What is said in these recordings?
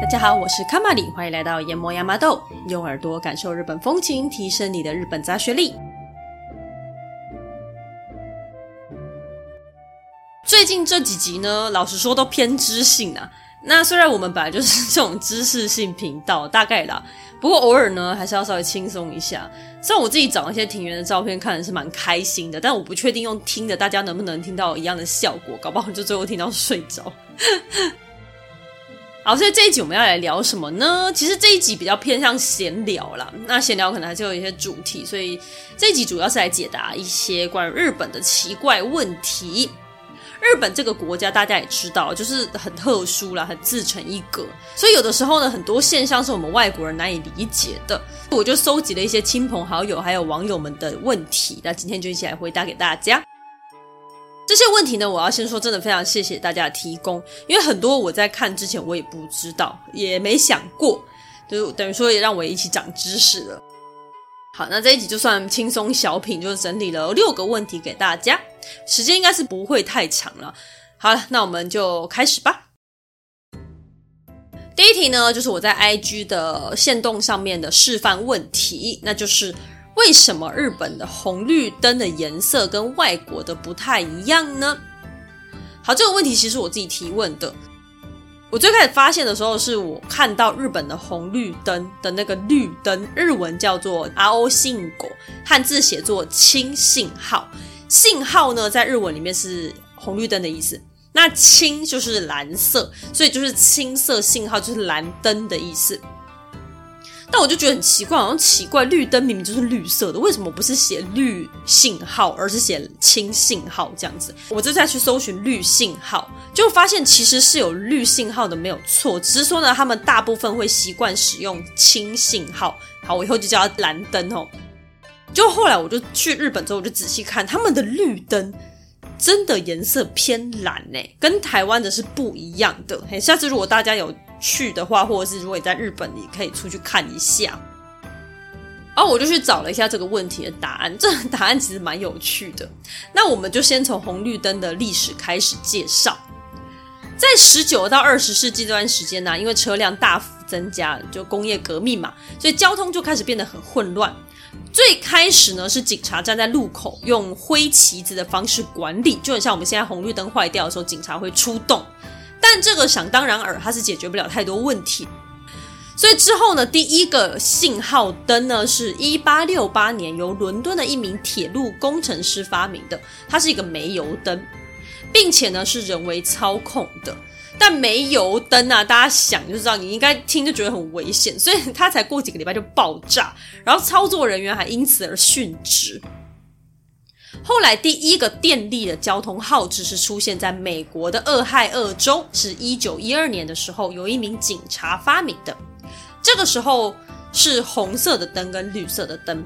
大家好，我是卡瑪里，歡迎來到研磨亞麻豆，用耳朵感受日本風情，提升你的日本雜學力。最近這幾集呢，老實說都偏知性啊。那雖然我們本來就是這種知識性頻道，大概啦，不過偶爾呢還是要稍微輕鬆一下。雖然我自己找一些庭園的照片看的是蠻開心的，但我不確定用聽的大家能不能聽到一樣的效果，搞不好就最後聽到睡着。 好，所以這一集我們要來聊什麼呢？其實這一集比較偏向閒聊啦。那閒聊可能還是有一些主題，所以這一集主要是來解答一些關於日本的奇怪問題。日本這個國家，大家也知道，就是很特殊啦，很自成一格。所以有的時候呢，很多現象是我們外國人難以理解的。我就蒐集了一些親朋好友還有網友們的問題，那今天就一起來回答給大家。這些問題呢，我要先說，真的非常謝謝大家的提供，因為很多我在看之前我也不知道，也沒想過，就等於說也讓我也一起長知識了。好，那這一集就算輕鬆小品，就整理了六個問題給大家。時間應該是不會太長了。好了，那我們就開始吧。第一題呢，就是我在 IG 的限動，上面的示範問題，那就是為什麼日本的紅綠燈的顏色跟外國的不太一樣呢？好，這個問題其實我自己提問的。我最開始發現的時候，是我看到日本的紅綠燈的那個綠燈，日文叫做青信號，漢字寫作青信號，信號呢，在日文裡面是紅綠燈的意思。那青就是藍色，所以就是青色信號就是藍燈的意思。但我就覺得很奇怪，好像奇怪，綠燈明明就是綠色的，為什麼不是寫綠信號，而是寫青信號這樣子？我就再去搜尋綠信號，就發現其實是有綠信號的，沒有錯，只是說呢，他們大部分會習慣使用青信號。好，我以後就叫它藍燈哦。就後來我就去日本之後，我就仔細看他們的綠燈，真的顏色偏藍呢、欸，跟台灣的是不一樣的。嘿，下次如果大家有去的話，或者是如果你在日本，你可以出去看一下。然、哦、後我就去找了一下這個問題的答案，這個、答案其實蠻有趣的。那我們就先從紅綠燈的歷史開始介紹。在十九到二十世紀這段時間呢、啊，因為車輛大幅增加，就工業革命嘛，所以交通就開始變得很混亂。最開始呢，是警察站在路口用揮旗子的方式管理，就很像我們現在紅綠燈壞掉的時候，警察會出動。但這個想當然耳，它是解決不了太多問題。所以之後呢，第一個信號燈呢，是1868年由倫敦的一名鐵路工程師發明的，它是一個煤油燈，並且呢是人為操控的。但煤油燈啊，大家想就知道你應該聽就覺得很危險，所以它才過幾個禮拜就爆炸，然後操作人員還因此而殉職。後來第一個電力的交通號誌是出現在美國的俄亥俄州，是一九一二年的時候，由一名警察發明的。這個時候是紅色的燈跟綠色的燈。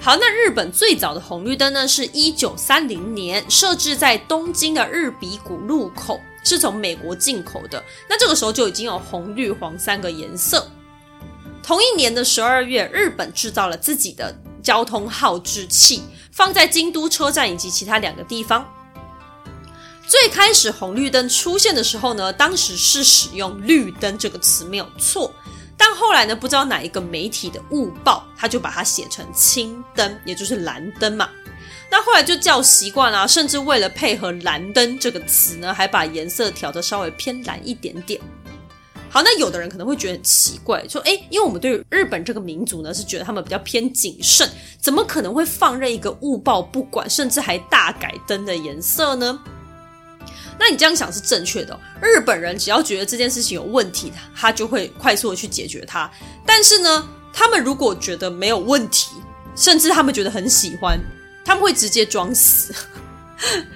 好，那日本最早的紅綠燈呢，是一九三零年設置在東京的日比谷路口，是從美國進口的。那這個時候就已經有紅、綠、黃三個顏色。同一年的十二月，日本製造了自己的交通號誌器，放在京都車站以及其他兩個地方。最開始紅綠燈出現的時候呢，當時是使用“綠燈”這個詞，沒有錯。但後來呢，不知道哪一個媒體的誤報，他就把它寫成青燈，也就是藍燈嘛。那後來就叫習慣啊，甚至為了配合“藍燈”這個詞呢，還把顏色調得稍微偏藍一點點。好，那有的人可能會覺得很奇怪，說：“哎，因為我們對日本這個民族呢，是覺得他們比較偏謹慎，怎麼可能會放任一個誤報不管，甚至還大改燈的顏色呢？”那你這樣想是正確的。日本人只要覺得這件事情有問題，他就會快速的去解決它。但是呢，他們如果覺得沒有問題，甚至他們覺得很喜歡，他們會直接裝死，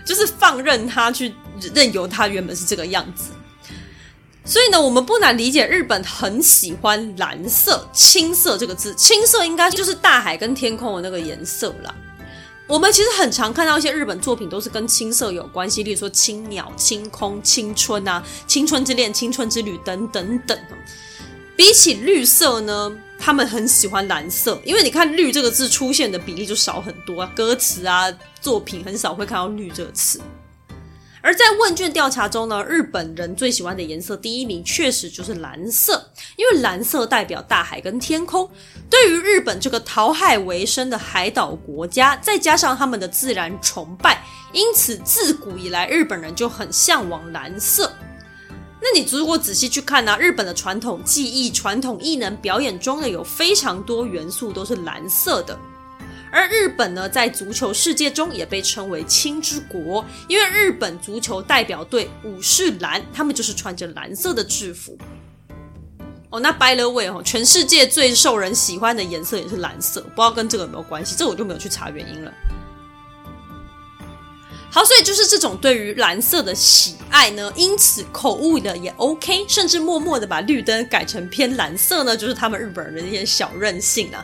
就是放任他去，任由他原本是這個樣子。所以呢，我們不難理解日本很喜歡藍色、青色這個字。青色應該就是大海跟天空的那個顏色啦。我們其實很常看到一些日本作品都是跟青色有關係，例如說青鳥、青空、青春啊、青春之戀、青春之旅等等等。比起綠色呢，他們很喜歡藍色，因為你看綠這個字出現的比例就少很多啊，歌詞啊、作品很少會看到綠這個詞。而在問卷調查中呢，日本人最喜歡的顏色第一名確實就是藍色，因為藍色代表大海跟天空。對於日本這個討海為生的海島國家，再加上他們的自然崇拜，因此自古以來日本人就很向往藍色。那你如果仔細去看呢，啊，日本的傳統技藝、傳統藝能表演中呢，有非常多元素都是藍色的。而日本呢，在足球世界中也被稱為“青之國”，因為日本足球代表隊武士藍，他們就是穿着藍色的制服。哦、oh，那 by the way 哦，全世界最受人喜歡的顏色也是藍色，我不知道跟這個有沒有關係？這我就沒有去查原因了。好，所以就是這種對於藍色的喜愛呢，因此口誤的也 OK，甚至默默的把綠燈改成偏藍色呢，就是他們日本人的一些小任性啊。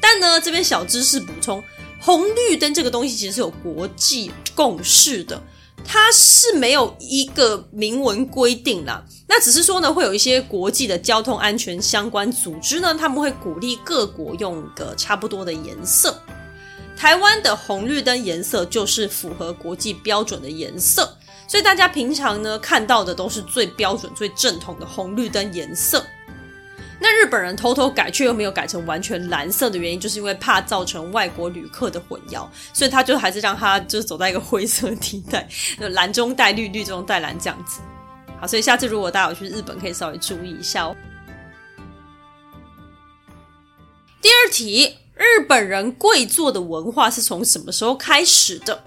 但呢，這邊小知識補充，紅綠燈這個東西其實是有國際共識的，它是沒有一個明文規定啦。那只是說呢，會有一些國際的交通安全相關組織呢，他們會鼓勵各國用個差不多的顏色。台灣的紅綠燈顏色就是符合國際標準的顏色，所以大家平常呢，看到的都是最標準、最正統的紅綠燈顏色。那日本人偷偷改卻又沒有改成完全藍色的原因，就是因為怕造成外國旅客的混淆，所以他就還是讓他就是走在一個灰色的地帶，藍中帶綠，綠中帶藍這樣子。好，所以下次如果大家有去日本，可以稍微注意一下哦。第二題，日本人跪坐的文化是從什麼時候開始的？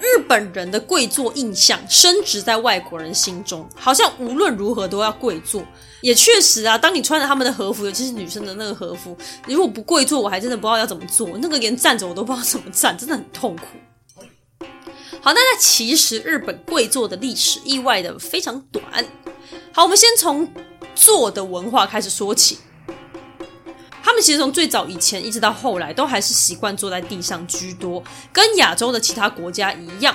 日本人的跪坐印象深植在外國人心中，好像無論如何都要跪坐。也確實啊，當你穿着他們的和服，尤其是女生的那個和服，如果不跪坐，我還真的不知道要怎麼坐。那個連站着我都不知道怎麼站，真的很痛苦。好，那那其實日本跪坐的歷史意外的非常短。好，我們先從坐的文化開始說起。他們其實從最早以前一直到後來，都還是習慣坐在地上居多，跟亞洲的其他國家一樣。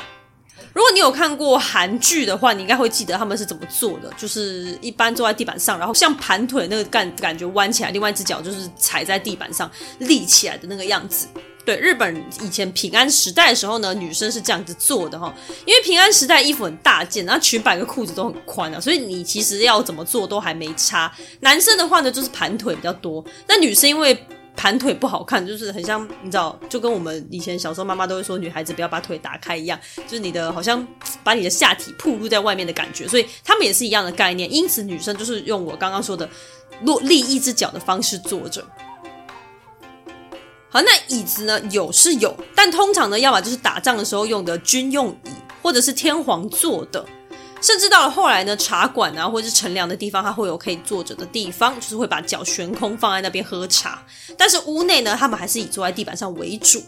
如果你有看過韓劇的話，你應該會記得他們是怎麼做的，就是一般坐在地板上，然後像盤腿那個感感覺彎起來，另外一隻腳就是踩在地板上立起來的那個樣子。對，日本以前平安時代的時候呢，女生是這樣子做的哈，因為平安時代衣服很大件，然後裙擺和褲子都很寬啊，所以你其實要怎麼做都還沒差。男生的話呢，就是盤腿比較多，那女生因為。盤腿不好看，就是很像你知道，就跟我們以前小時候媽媽都會說女孩子不要把腿打開一樣，就是你的好像把你的下體暴露在外面的感覺，所以他們也是一樣的概念。因此，女生就是用我剛剛說的落立一隻腳的方式坐着。好，那椅子呢？有是有，但通常呢，要嘛就是打仗的時候用的軍用椅，或者是天皇坐的。甚至到了後來呢，茶館啊，或者是乘涼的地方，它會有可以坐着的地方，就是會把腳懸空放在那邊喝茶。但是屋內呢，他們還是以坐在地板上為主。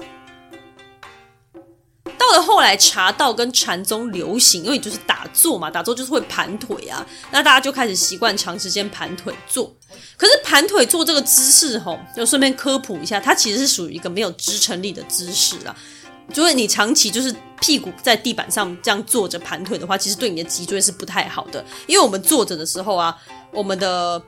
到了後來，茶道跟禪宗流行，因為就是打坐嘛，打坐就是會盤腿啊，那大家就開始習慣長時間盤腿坐。可是盤腿坐這個姿勢吼，就順便科普一下，它其實是屬於一個沒有支撐力的姿勢了。所以你長期就是屁股在地板上這樣坐着盤腿的話，其實對你的脊椎是不太好的。因為我們坐着的時候啊，我們的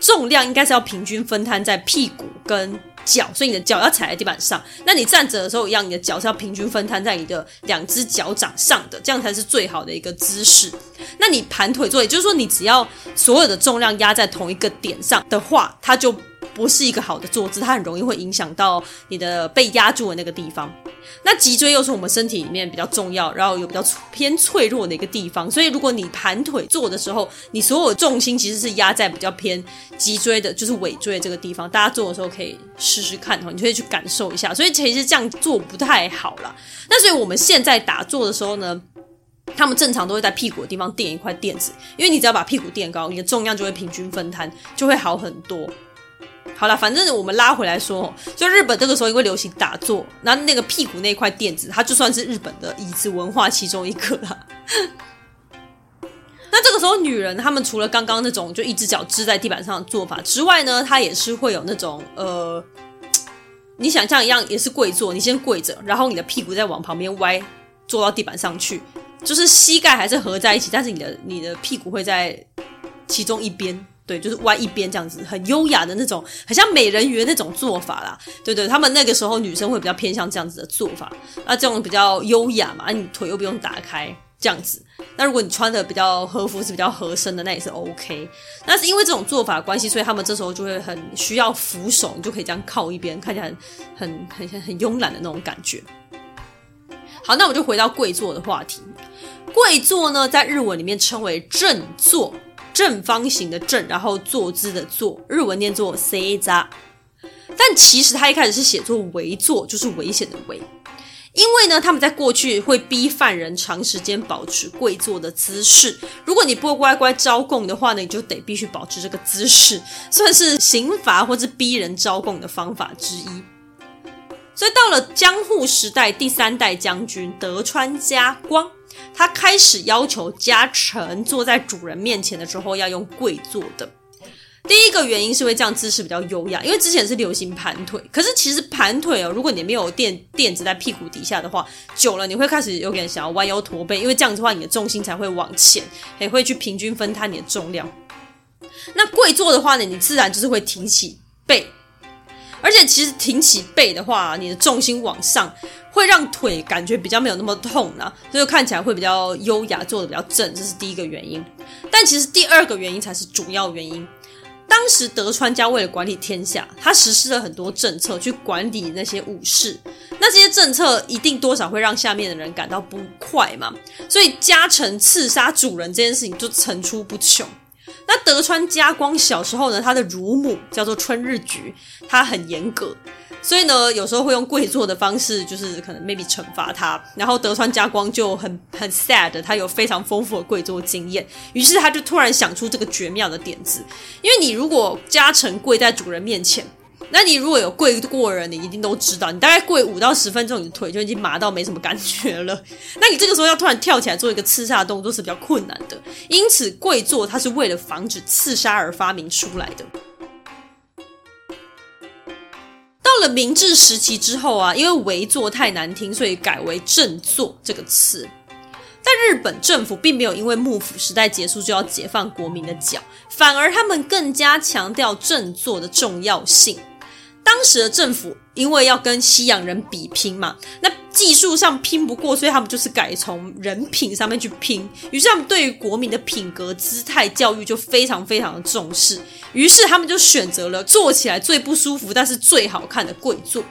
重量應該是要平均分攤在屁股跟腳，所以你的腳要踩在地板上。那你站着的時候一樣，你的腳是要平均分攤在你的兩隻腳掌上的，這樣才是最好的一個姿勢。那你盤腿坐，也就是說你只要所有的重量壓在同一個點上的話，它就，不是一個好的坐姿，它很容易會影響到你的被壓住的那個地方。那脊椎又是我們身體裡面比較重要，然後有比較偏脆弱的一個地方。所以如果你盤腿坐的時候，你所有重心其實是壓在比較偏脊椎的，就是尾椎這個地方。大家坐的時候可以試試看哦，你可以去感受一下。所以其實這樣做不太好了。那所以我們現在打坐的時候呢，他們正常都會在屁股的地方墊一塊墊子，因為你只要把屁股墊高，你的重量就會平均分攤，就會好很多。好啦，反正我們拉回來說，就日本這個時候也會流行打坐，那那個屁股那塊墊子，它就算是日本的椅子文化其中一個了。 那這個時候女人她們除了剛剛那種就一隻腳支在地板上的做法之外呢，她也是會有那種呃，你想象一樣，也是跪坐，你先跪着，然後你的屁股再往旁邊歪，坐到地板上去，就是膝蓋還是合在一起，但是你的你的屁股會在其中一邊。對，就是歪一邊這樣子，很優雅的那種，很像美人魚的那種做法啦。對對，他們那個時候女生會比較偏向這樣子的做法，那這種比較優雅嘛，啊，你腿又不用打開這樣子。那如果你穿的比較和服是比較合身的，那也是 OK。那是因為這種做法的關係，所以他們這時候就會很需要扶手，你就可以這樣靠一邊，看起來很很很很慵懶的那種感覺。好，那我們就回到跪坐的話題。跪坐呢，在日文裡面稱為正坐。正方形的正，然後坐姿的坐，日文念作 “seiza”，但其實他一開始是寫作「危坐」，就是危險的危。因為呢，他們在過去會逼犯人長時間保持跪坐的姿勢，如果你不會乖乖招供的話呢，你就得必須保持這個姿勢，算是刑罰或是逼人招供的方法之一。所以到了江戶時代，第三代將軍德川家光。他開始要求家臣坐在主人面前的時候要用跪坐的。第一個原因是因為這樣姿勢比較優雅。因為之前是流行盤腿。可是其實盤腿哦，如果你沒有墊墊子在屁股底下的話，久了你會開始有點想要彎腰駝背，因為這樣子的話你的重心才會往前，也會去平均分攤你的重量。那跪坐的話呢，你自然就是會挺起背。而且其實挺起背的話，你的重心往上，會讓腿感覺比較沒有那麼痛啦、啊、所以就看起來會比較優雅，坐得比較正，這是第一個原因。但其實第二個原因才是主要原因。當時德川家為了管理天下，他實施了很多政策去管理那些武士，那這些政策一定多少會讓下面的人感到不快嘛，所以家臣刺殺主人這件事情就層出不窮。那德川家光小時候呢，他的乳母叫做春日局，他很嚴格，所以呢，有時候會用跪坐的方式，就是可能 maybe 懲罰他。然後德川家光就很很 sad，他有非常豐富的跪坐經驗，於是他就突然想出這個絕妙的點子，因為你如果家臣跪在主人面前。那你如果有跪過的人，你一定都知道，你大概跪五到十分鐘，你的腿就已經麻到沒什麼感覺了。那你這個時候要突然跳起來做一個刺殺動作，是比較困難的。因此，跪坐它是為了防止刺殺而發明出來的。到了明治時期之後啊，因為“圍坐”太難聽，所以改為“正坐”這個詞。但日本政府並沒有因為幕府時代結束就要解放國民的腳，反而他們更加強調正坐的重要性。當時的政府因為要跟西洋人比拼嘛，那技術上拼不過，所以他們就是改從人品上面去拼。於是他們對於國民的品格、姿態教育就非常非常的重視。於是他們就選擇了坐起來最不舒服，但是最好看的跪坐。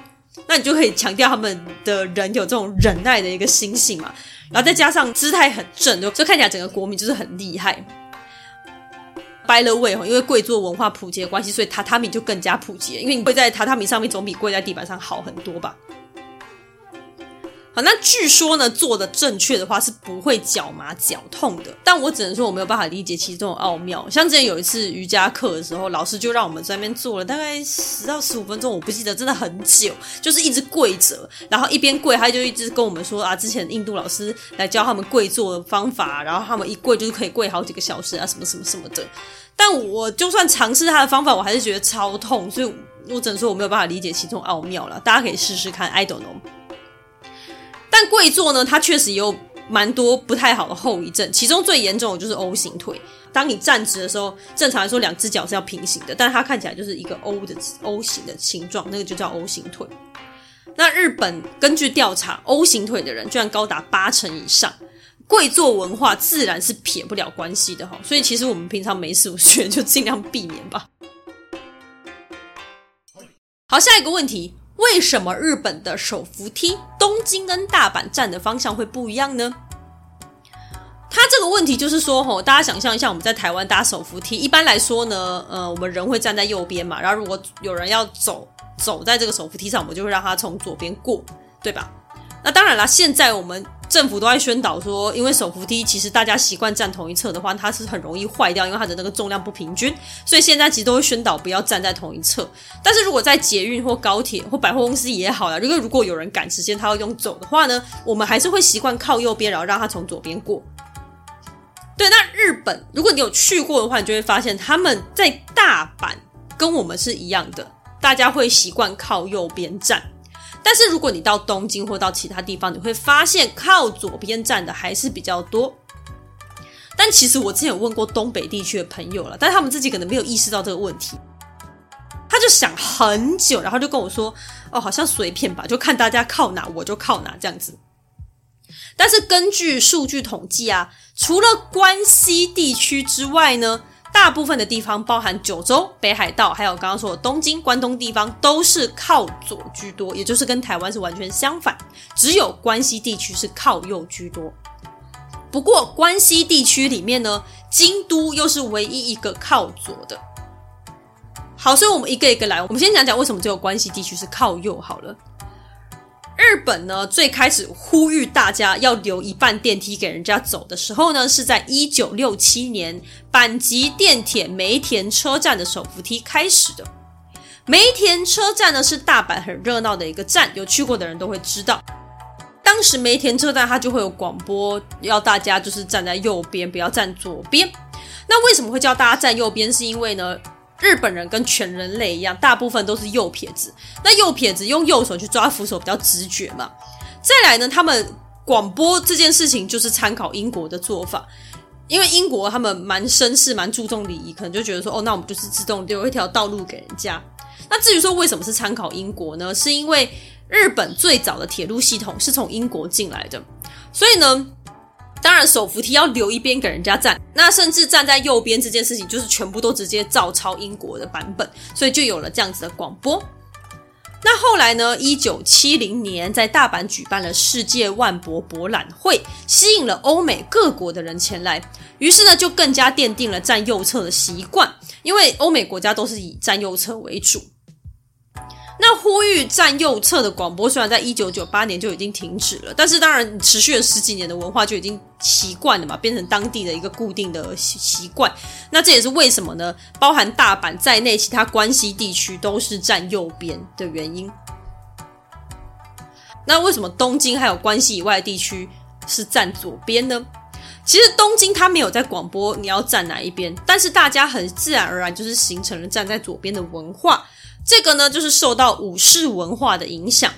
那你就可以強調他們的人有這種忍耐的一個心性嘛，然後再加上姿態很正，就看起來整個國民就是很厲害。By the way，因為貴族文化普及的關係，所以榻榻米就更加普及了。因為你跪在榻榻米上面，總比跪在地板上好很多吧。好，那據說呢，做的正確的話是不會腳麻腳痛的。但我只能說我沒有辦法理解其中的奧妙。像之前有一次瑜伽課的時候，老師就讓我們在那邊坐了大概十到十五分鐘，我不記得真的很久，就是一直跪着，然後一邊跪他就一直跟我們說啊，之前印度老師來教他們跪坐的方法，然後他們一跪就是可以跪好幾個小時啊，什麼什麼什麼的。但我就算嘗試他的方法，我還是覺得超痛，所以我只能說我沒有辦法理解其中奧妙了。大家可以試試看，I don't know。但跪坐呢，它確實有蠻多不太好的後遺症，其中最嚴重的就是 O 型腿。當你站直的時候，正常來說兩隻腳是要平行的，但它看起來就是一個 O 的 O 型的形狀，那個就叫 O 型腿。那日本根據調查，O 型腿的人居然高達八成以上，跪坐文化自然是撇不了關係的哈。所以其實我們平常沒事，我覺得就盡量避免吧。好，下一個問題，為什麼日本的手扶梯？東京跟大阪站的方向會不一樣呢？他這個問題就是說，吼，大家想象一下，我們在台灣搭手扶梯，一般來說呢，呃，我們人會站在右邊嘛，然後如果有人要走，走在這個手扶梯上，我們就會讓他從左邊過，對吧？那當然啦，現在我們。政府都在宣導說，因為手扶梯其實大家習慣站同一側的話，它是很容易壞掉，因為它的那個重量不平均。所以現在其實都會宣導不要站在同一側。但是如果在捷運或高鐵或百貨公司也好啦，如果如果有人趕時間，他要用走的話呢，我們還是會習慣靠右邊，然後讓他從左邊過。對，那日本如果你有去過的話，你就會發現他們在大阪跟我們是一樣的，大家會習慣靠右邊站。但是如果你到東京或到其他地方，你會發現靠左邊站的還是比較多。但其實我之前有問過東北地區的朋友了，但是他們自己可能沒有意識到這個問題。他就想很久，然後就跟我說：“哦，好像隨便吧，就看大家靠哪，我就靠哪這樣子。”但是根據數據統計啊，除了關西地區之外呢，大部分的地方，包含九州、北海道，還有剛剛說的東京、關東地方，都是靠左居多，也就是跟台灣是完全相反。只有關西地區是靠右居多。不過，關西地區裡面呢，京都又是唯一一個靠左的。好，所以我們一個一個來，我們先講講為什麼只有關西地區是靠右好了。日本呢，最開始呼籲大家要留一半電梯給人家走的時候呢，是在一九六七年阪急電鐵梅田車站的手扶梯開始的。梅田車站呢，是大阪很熱鬧的一個站，有去過的人都會知道。當時梅田車站它就會有廣播，要大家就是站在右邊，不要站左邊。那為什麼會叫大家站右邊？是因為呢？日本人跟全人類一樣，大部分都是右撇子。那右撇子用右手去抓扶手比較直覺嘛。再來呢，他們廣播這件事情就是參考英國的做法，因為英國他們蠻紳士，蠻注重禮儀，可能就覺得說，哦，那我們就是自動留一條道路給人家。那至於說為什麼是參考英國呢？是因為日本最早的鐵路系統是從英國進來的，所以呢，當然，手扶梯要留一邊給人家站，那甚至站在右邊這件事情，就是全部都直接照抄英國的版本，所以就有了這樣子的廣播。那後來呢？1970年，在大阪舉辦了世界萬博博覽會，吸引了歐美各國的人前來，於是呢，就更加奠定了站右側的習慣，因為歐美國家都是以站右側為主。那呼籲站右側的廣播雖然在一九九八年就已經停止了，但是當然持續了十幾年的文化就已經習慣了嘛，變成當地的一個固定的習，習慣。那這也是為什麼呢？包含大阪在內，其他關西地區都是站右邊的原因。那為什麼東京還有關西以外的地區是站左邊呢？其實東京它沒有在廣播你要站哪一邊，但是大家很自然而然就是形成了站在左邊的文化。這個呢，就是受到武士文化的影響。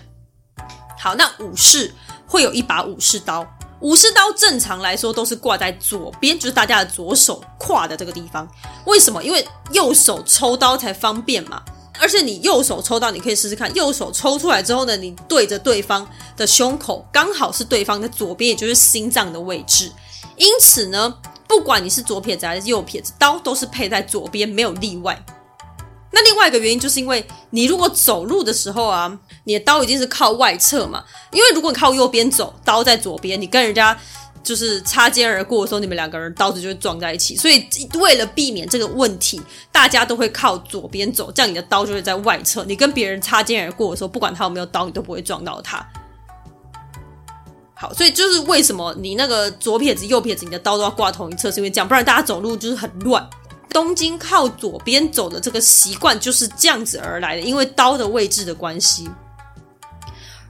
好，那武士會有一把武士刀，武士刀正常來說都是掛在左邊，就是大家的左手挎的這個地方。為什麼？因為右手抽刀才方便嘛。而且你右手抽刀，你可以試試看，右手抽出來之後呢，你對着對方的胸口，剛好是對方的左邊，也就是心臟的位置。因此呢，不管你是左撇子還是右撇子，刀都是配在左邊，沒有例外。那另外一個原因就是因為你如果走路的時候啊，你的刀已經是靠外側嘛。因為如果你靠右邊走，刀在左邊，你跟人家就是擦肩而過的時候，你們兩個人刀子就會撞在一起。所以為了避免這個問題，大家都會靠左邊走，這樣你的刀就會在外側。你跟別人擦肩而過的時候，不管他有沒有刀，你都不會撞到他。好，所以就是為什麼你那個左撇子、右撇子，你的刀都要掛同一側，是因為這樣，不然大家走路就是很亂。東京靠左邊走的這個習慣就是這樣子而來的，因為刀的位置的關係。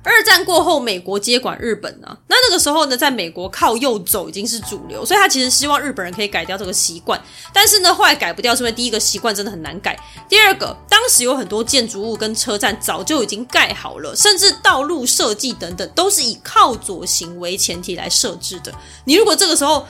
二戰過後，美國接管日本呢，啊，那那個時候呢，在美國靠右走已經是主流，所以他其實希望日本人可以改掉這個習慣。但是呢，後來改不掉，是因為第一個習慣真的很難改。第二個，當時有很多建築物跟車站早就已經蓋好了，甚至道路設計等等都是以靠左行為前提來設置的。你如果這個時候，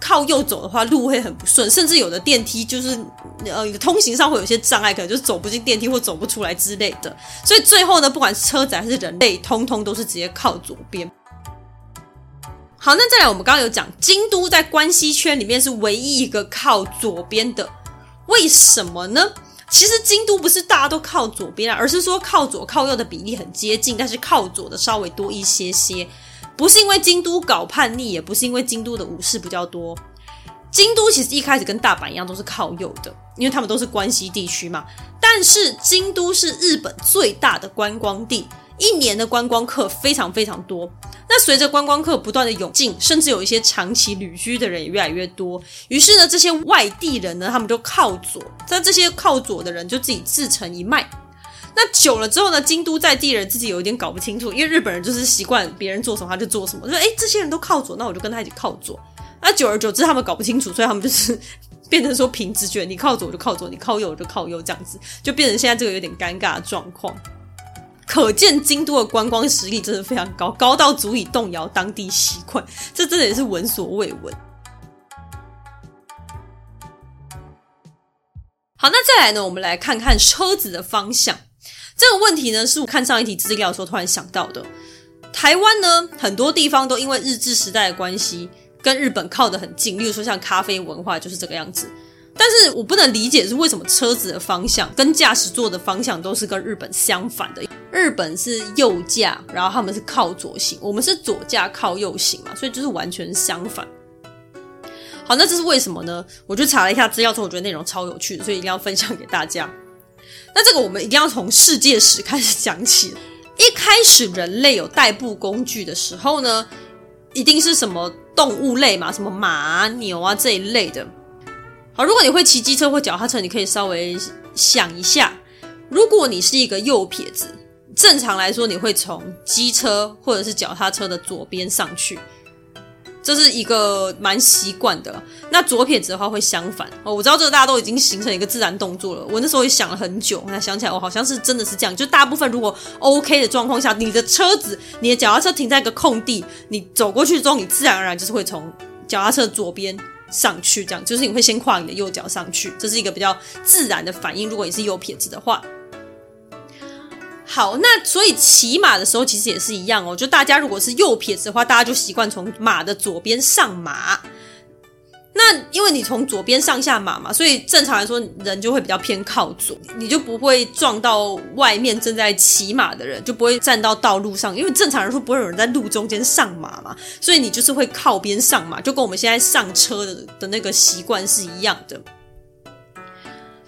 靠右走的話，路會很不順，甚至有的電梯就是呃通行上會有些障礙，可能就走不進電梯或走不出來之類的。所以最後呢，不管是車子還是人類，通通都是直接靠左邊。好，那再來，我們剛剛有講，京都在關西圈裡面是唯一一個靠左邊的，為什麼呢？其實京都不是大家都靠左邊啊，而是說靠左靠右的比例很接近，但是靠左的稍微多一些些。不是因為京都搞叛逆，也不是因為京都的武士比較多。京都其實一開始跟大阪一樣都是靠右的，因為他們都是關西地區嘛。但是京都是日本最大的觀光地，一年的觀光客非常非常多。那隨着觀光客不斷的湧進，甚至有一些長期旅居的人也越來越多。於是呢，這些外地人呢，他們就靠左。但這些靠左的人就自己自成一脈。那久了之後呢，京都在地人自己有一點搞不清楚，因為日本人就是習慣別人做什麼他就做什麼，就說誒，這些人都靠左，那我就跟他一起靠左。那久而久之，他們搞不清楚，所以他們就是變成說憑直覺，你靠左我就靠左，你靠右我就靠右，這樣子就變成現在這個有點尷尬的狀況。可見京都的觀光實力真的非常高，高到足以動搖當地習慣，這真的也是聞所未聞。好，那再來呢，我們來看看車子的方向。這個問題呢，是我看上一題資料的時候突然想到的。台灣呢，很多地方都因為日治時代的關係，跟日本靠得很近。例如說，像咖啡文化就是這個樣子。但是我不能理解是為什麼車子的方向跟駕駛座的方向都是跟日本相反的。日本是右駕，然後他們是靠左行，我們是左駕靠右行嘛，所以就是完全相反。好，那這是為什麼呢？我就查了一下資料之後，我覺得內容超有趣的，所以一定要分享給大家。那這個我們一定要從世界史開始講起。一開始人類有代步工具的時候呢，一定是什麼動物類嘛，什麼馬啊、牛啊這一類的。好，如果你會騎機車或腳踏車，你可以稍微想一下，如果你是一個右撇子，正常來說你會從機車或者是腳踏車的左邊上去。這是一個蠻習慣的。那左撇子的話會相反哦。我知道這個大家都已經形成一個自然動作了。我那時候也想了很久，才想起來，我、哦、好像是真的是這樣。就大部分如果 OK 的狀況下，你的車子、你的腳踏車停在一個空地，你走過去之後，你自然而然就是會從腳踏車的左邊上去，這樣就是你會先跨你的右腳上去。這是一個比較自然的反應。如果你是右撇子的話。好，那所以騎馬的時候其實也是一樣哦。就大家如果是右撇子的話，大家就習慣從馬的左邊上馬。那因為你從左邊上下馬嘛，所以正常來說人就會比較偏靠左，你就不會撞到外面正在騎馬的人，就不會站到道路上。因為正常來說不會有人在路中間上馬嘛，所以你就是會靠邊上馬，就跟我們現在上車的的那個習慣是一樣的。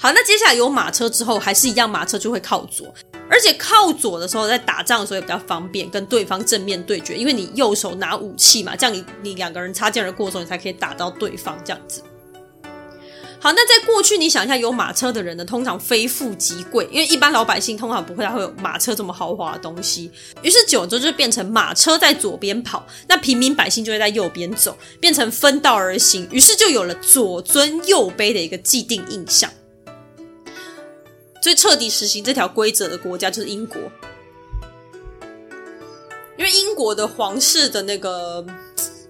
好，那接下來有馬車之後，還是一樣，馬車就會靠左，而且靠左的時候，在打仗的時候也比較方便，跟對方正面對決，因為你右手拿武器嘛，這樣你你兩個人擦肩而過的時候，你才可以打到對方。這樣子。好，那在過去，你想一下，有馬車的人呢，通常非富即貴，因為一般老百姓通常不太會有馬車這麼豪華的東西。於是九州就變成馬車在左邊跑，那平民百姓就會在右邊走，變成分道而行，於是就有了左尊右卑的一個既定印象。最徹底實行這條規則的國家就是英國，因為英國的皇室的那個，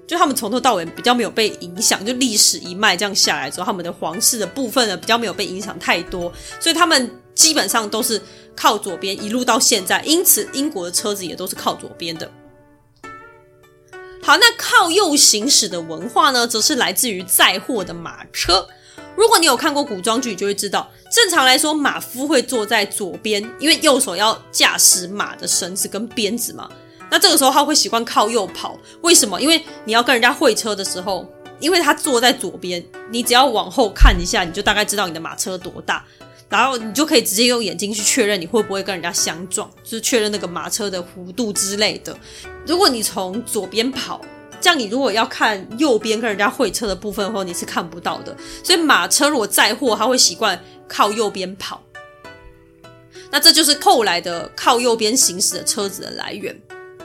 就他們從頭到尾比較沒有被影響，就歷史一脈這樣下來之後，他們的皇室的部分呢，比較沒有被影響太多，所以他們基本上都是靠左邊一路到現在，因此英國的車子也都是靠左邊的。好，那靠右行駛的文化呢，則是來自於載貨的馬車。如果你有看過古裝劇，你就會知道，正常來說，馬夫會坐在左邊，因為右手要駕駛馬的繩子跟鞭子嘛。那這個時候他會習慣靠右跑，為什麼？因為你要跟人家會車的時候，因為他坐在左邊，你只要往後看一下，你就大概知道你的馬車多大，然後你就可以直接用眼睛去確認你會不會跟人家相撞，就是確認那個馬車的弧度之類的。如果你從左邊跑，這樣，你如果要看右邊跟人家會車的部分的話，你是看不到的。所以馬車如果載貨，他會習慣靠右邊跑。那這就是後來的靠右邊行駛的車子的來源。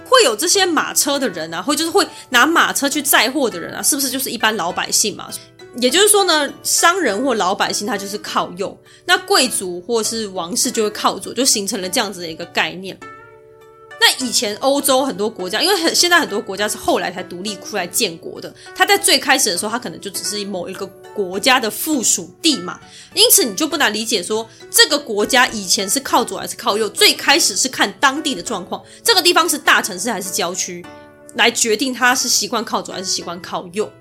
會有這些馬車的人啊，會就是會拿馬車去載貨的人啊，是不是就是一般老百姓嘛？也就是說呢，商人或老百姓他就是靠右，那貴族或是王室就會靠左，就形成了這樣子的一個概念。那以前歐洲很多國家，因為很現在很多國家是後來才獨立出來建國的，它在最開始的時候，它可能就只是某一個國家的附屬地嘛。因此你就不難理解說，這個國家以前是靠左還是靠右，最開始是看當地的狀況，這個地方是大城市還是郊區，來決定它是習慣靠左還是習慣靠右。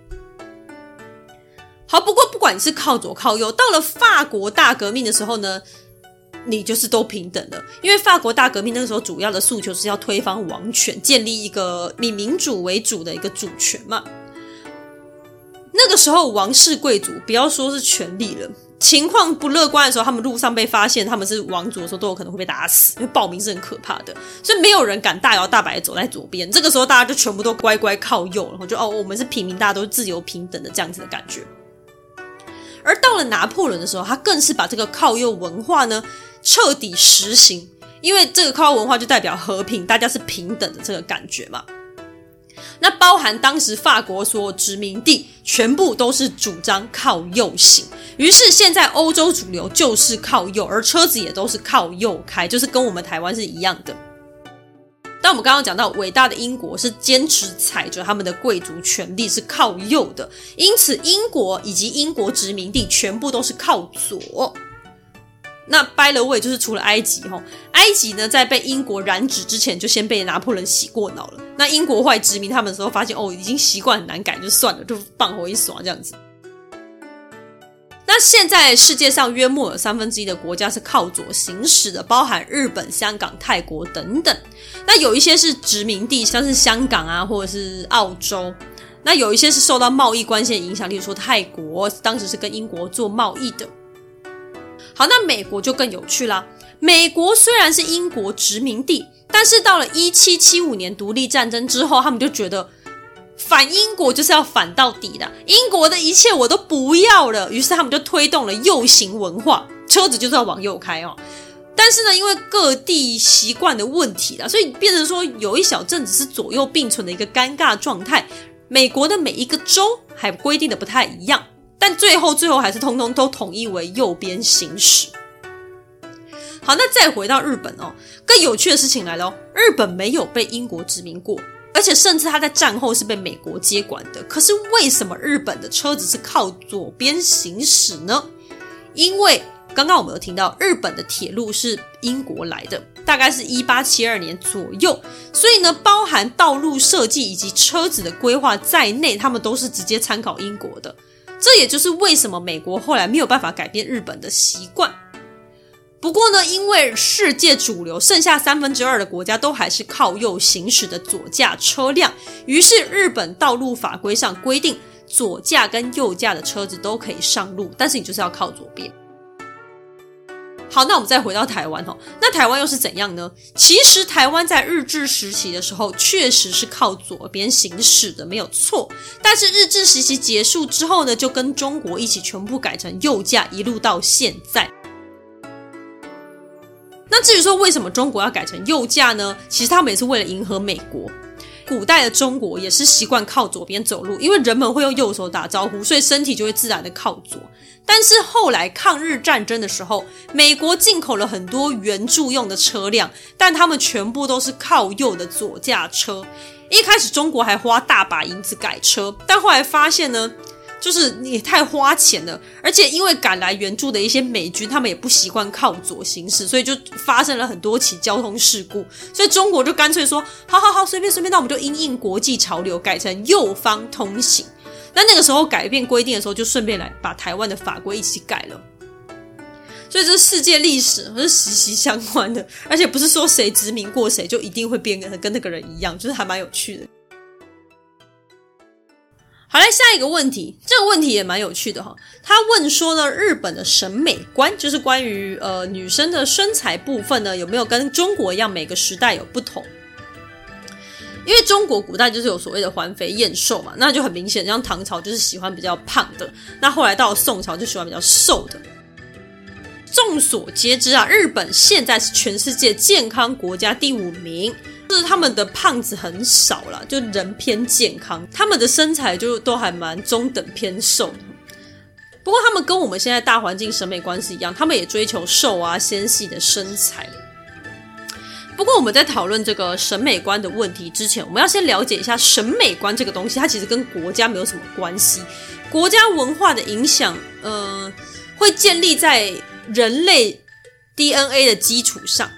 好，不過不管你是靠左靠右，到了法國大革命的時候呢，你就是都平等的，因為法國大革命那個時候主要的訴求是要推翻王權，建立一個以民主為主的一個主權嘛。那個時候王室貴族不要說是權力了，情況不樂觀的時候，他們路上被發現他們是王族的時候，都有可能會被打死，因為暴民是很可怕的，所以沒有人敢大搖大擺的走在左邊。這個時候大家就全部都乖乖靠右了，然後就哦，我們是平民，大家都是自由平等的這樣子的感覺。而到了拿破崙的時候，他更是把這個靠右文化呢。徹底實行，因為這個靠文化就代表和平，大家是平等的這個感覺嘛。那包含當時法國所有殖民地全部都是主張靠右行，於是現在歐洲主流就是靠右，而車子也都是靠右開，就是跟我們台灣是一樣的。但我們剛剛講到，偉大的英國是堅持踩着他們的貴族權力是靠右的，因此英國以及英國殖民地全部都是靠左。那掰了位，就是除了埃及齁，埃及呢在被英國染指之前就先被拿破崙洗過腦了。那英國壞殖民他們的時候發現哦，已經習慣很難改，就算了，就放回一耍這樣子。那現在世界上約莫有三分之一的國家是靠左行駛的，包含日本、香港、泰國等等。那有一些是殖民地，像是香港啊，或者是澳洲。那有一些是受到貿易關係的影響，例如說泰國當時是跟英國做貿易的。好，那美國就更有趣啦。美國雖然是英國殖民地，但是到了一七七五年獨立戰爭之後，他們就覺得反英國就是要反到底的，英國的一切我都不要了。於是他們就推動了右行文化，車子就是要往右開哦。但是呢，因為各地習慣的問題啦，所以變成說有一小陣子是左右並存的一個尷尬狀態。美國的每一個州還規定的不太一樣。但最後，最後還是通通都統一為右邊行駛。好，那再回到日本哦，更有趣的事情來了哦。日本沒有被英國殖民過，而且甚至他在戰後是被美國接管的。可是為什麼日本的車子是靠左邊行駛呢？因為剛剛我們有聽到，日本的鐵路是英國來的，大概是一八七二年左右，所以呢，包含道路設計以及車子的規劃在內，他們都是直接參考英國的。這也就是為什麼美國後來沒有辦法改變日本的習慣。不過呢，因為世界主流剩下三分之二的國家都還是靠右行駛的左駕車輛，於是日本道路法規上規定，左駕跟右駕的車子都可以上路，但是你就是要靠左邊。好，那我們再回到台灣哦。那台灣又是怎樣呢？其實台灣在日治時期的時候，確實是靠左邊行駛的，沒有錯。但是日治時期結束之後呢，就跟中國一起全部改成右駕，一路到現在。那至於說為什麼中國要改成右駕呢？其實他們也是為了迎合美國。古代的中國也是習慣靠左邊走路，因為人們會用右手打招呼，所以身體就會自然的靠左。但是後來抗日戰爭的時候，美國進口了很多援助用的車輛，但他們全部都是靠右的左駕車。一開始中國還花大把銀子改車，但後來發現呢。就是也太花錢了，而且因為趕來援助的一些美軍，他們也不習慣靠左行駛，所以就發生了很多起交通事故。所以中國就乾脆說，好好好，隨便隨便，那我們就因應國際潮流，改成右方通行。那那個時候改變規定的時候，就順便來把台灣的法規一起改了。所以這是世界歷史是息息相關的，而且不是說誰殖民過誰就一定會變跟跟那個人一樣，就是還蠻有趣的。好，來下一個問題，這個問題也蠻有趣的哈。他問說呢，日本的審美觀就是關於呃女生的身材部分呢，有沒有跟中國一樣每個時代有不同？因為中國古代就是有所謂的“環肥燕瘦”嘛，那就很明顯，像唐朝就是喜歡比較胖的，那後來到宋朝就喜歡比較瘦的。眾所皆知啊，日本現在是全世界健康國家第五名。就是他們的胖子很少啦，就人偏健康，他們的身材就都還蠻中等偏瘦的。不過他們跟我們現在大環境審美觀是一樣，他們也追求瘦啊纖細的身材。不過我們在討論這個審美觀的問題之前，我們要先了解一下審美觀這個東西，它其實跟國家沒有什麼關係，國家文化的影響，嗯、呃，會建立在人類 DNA 的基礎上。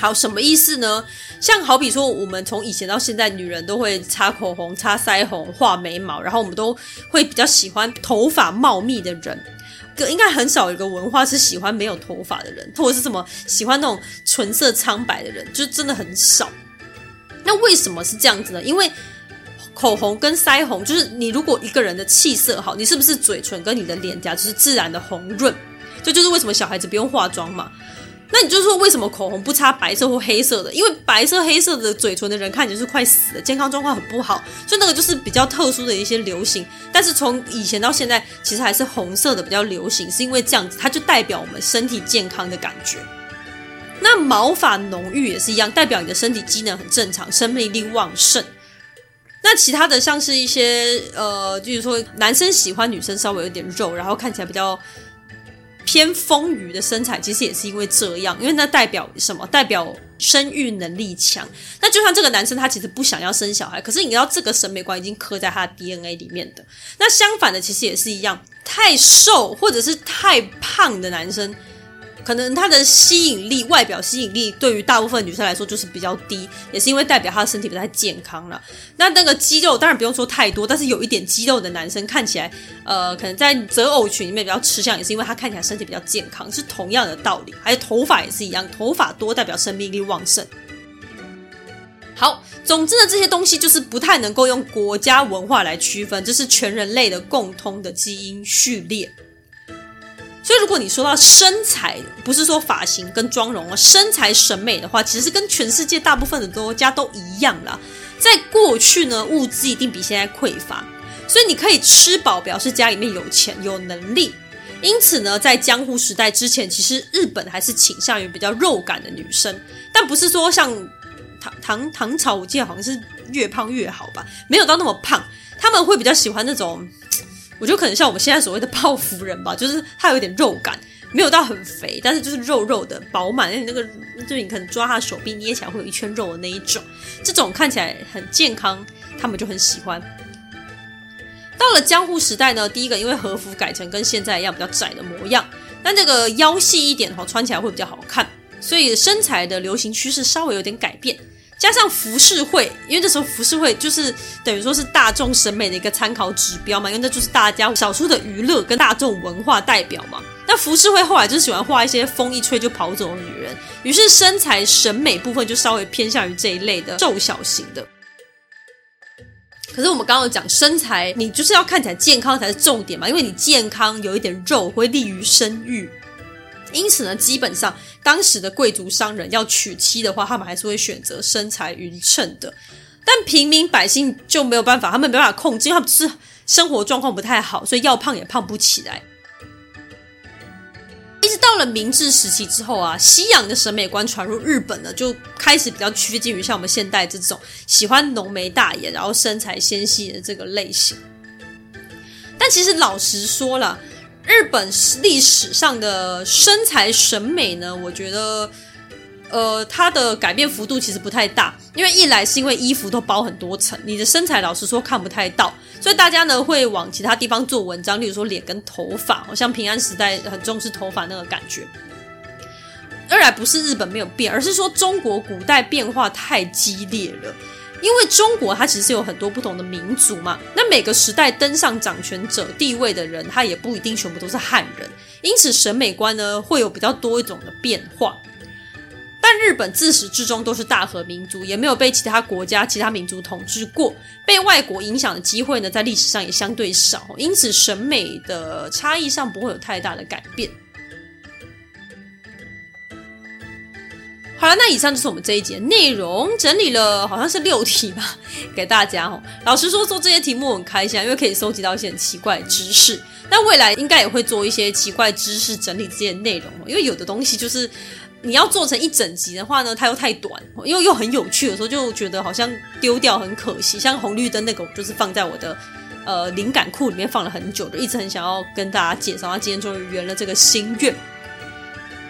好，什麼意思呢？像好比說，我們從以前到現在，女人都會擦口紅、擦腮紅、畫眉毛，然後我們都會比較喜歡頭髮茂密的人。應該很少有個文化是喜歡沒有頭髮的人，或者是什麼喜歡那種唇色蒼白的人，就真的很少。那為什麼是這樣子呢？因為口紅跟腮紅，就是你如果一個人的氣色好，你是不是嘴唇跟你的臉頰就是自然的紅潤？這就，就是為什麼小孩子不用化妝嘛。那你就是說為什麼口紅不擦白色或黑色的？因為白色、黑色的嘴唇的人看起來就是快死的。健康狀況很不好，所以那個就是比較特殊的一些流行。但是從以前到現在，其實還是紅色的比較流行，是因為這樣子，它就代表我們身體健康的感覺。那毛髮濃郁也是一樣，代表你的身體機能很正常，生命力旺盛。那其他的像是一些呃，就是說男生喜歡女生稍微有點肉，然後看起來比較。偏豐腴的身材其實也是因為這樣，因為那代表什麼？代表生育能力強。那就像這個男生，他其實不想要生小孩，可是你知道這個審美觀已經刻在他的 DNA 裡面的。那相反的其實也是一樣，太瘦或者是太胖的男生。可能他的吸引力，外表吸引力對於大部分女生來說就是比較低，也是因為代表他的身體不太健康了。那那個肌肉當然不用說太多，但是有一點肌肉的男生看起來，呃，可能在擇偶群裡面比較吃香，也是因為他看起來身體比較健康，是同樣的道理。還有頭髮也是一樣，頭髮多代表生命力旺盛。好，總之呢，這些東西就是不太能夠用國家文化來區分，這是全人類的共通的基因序列。所以，如果你說到身材，不是說髮型跟妝容啊，身材審美的話，其實是跟全世界大部分的國家都一樣啦。在過去呢，物資一定比現在匱乏，所以你可以吃飽，表示家裡面有錢有能力。因此呢，在江戶時代之前，其實日本還是傾向於比較肉感的女生，但不是說像唐唐唐朝，我記得好像是越胖越好吧，沒有到那麼胖，他們會比較喜歡那種。我就可能像我們現在所謂的泡芙人吧，就是他有點肉感，沒有到很肥，但是就是肉肉的飽滿，那你那個就是你可能抓他手臂捏起來會有一圈肉的那一種，這種看起來很健康，他們就很喜歡。到了江戶時代呢，第一個因為和服改成跟現在一樣比較窄的模樣，但這個腰細一點的話，穿起來會比較好看，所以身材的流行趨勢稍微有點改變。加上浮世繪，因為這時候浮世繪就是等於說是大眾審美的一個參考指標嘛，因為那就是大家少數的娛樂跟大眾文化代表嘛。那浮世繪後來就喜歡畫一些風一吹就跑走的女人，於是身材審美部分就稍微偏向於這一類的瘦小型的。可是我們剛剛有講身材，你就是要看起來健康才是重點嘛，因為你健康有一點肉會利於生育。因此呢，基本上當時的貴族商人要娶妻的話，他們還是會選擇身材勻稱的，但平民百姓就沒有辦法，他們沒辦法控制，因為他們是生活狀況不太好，所以要胖也胖不起來。一直到了明治時期之後啊，西洋的審美觀傳入日本了，就開始比較趨近於像我們現代這種喜歡濃眉大眼，然後身材纖細的這個類型。但其實老實說了。日本歷史上的身材審美呢，我覺得，呃，它的改變幅度其實不太大，因為一來是因為衣服都包很多層，你的身材老實說看不太到，所以大家呢會往其他地方做文章，例如說臉跟頭髮，好像平安時代很重視頭髮那個感覺。二來不是日本沒有變，而是說中國古代變化太激烈了。因為中國它其實是有很多不同的民族嘛，那每個時代登上掌權者地位的人，他也不一定全部都是漢人，因此審美觀呢，會有比較多一種的變化。但日本自始至終都是大和民族，也沒有被其他國家、其他民族統治過，被外國影響的機會呢，在歷史上也相對少，因此審美的差異上不會有太大的改變。好了，那以上就是我們這一節內容整理了，好像是六題吧，給大家哦。老實說，說，做這些題目很開心，因為可以收集到一些很奇怪的知識。那未來應該也會做一些奇怪知識整理這些內容，因為有的東西就是你要做成一整集的話呢，它又太短，因為又很有趣的時候就覺得好像丟掉很可惜。像紅綠燈那個，我就是放在我的呃靈感庫裡面放了很久，就一直很想要跟大家介紹，然後今天終於圓了這個心願。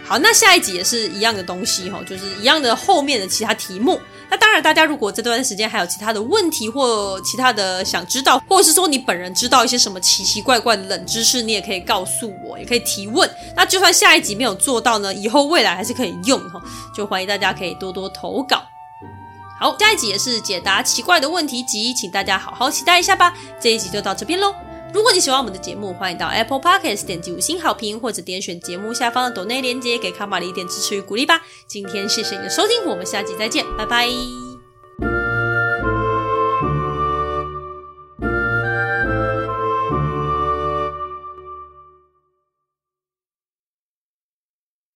好，那下一集也是一樣的東西齁，就是一樣的後面的其他題目。那當然，大家如果這段時間還有其他的問題或其他的想知道，或者是說你本人知道一些什麼奇奇怪怪的冷知識，你也可以告訴我，也可以提問。那就算下一集沒有做到呢，以後未來還是可以用齁，就歡迎大家可以多多投稿。好，下一集也是解答奇怪的問題集，請大家好好期待一下吧。這一集就到這邊嘍。如果你喜歡我們的節目，歡迎到 Apple Podcast 點擊五星好評，或者點選節目下方的抖內鏈接，給康瑪利一點支持與鼓勵吧。今天謝謝你的收聽，我們下集再見，拜拜。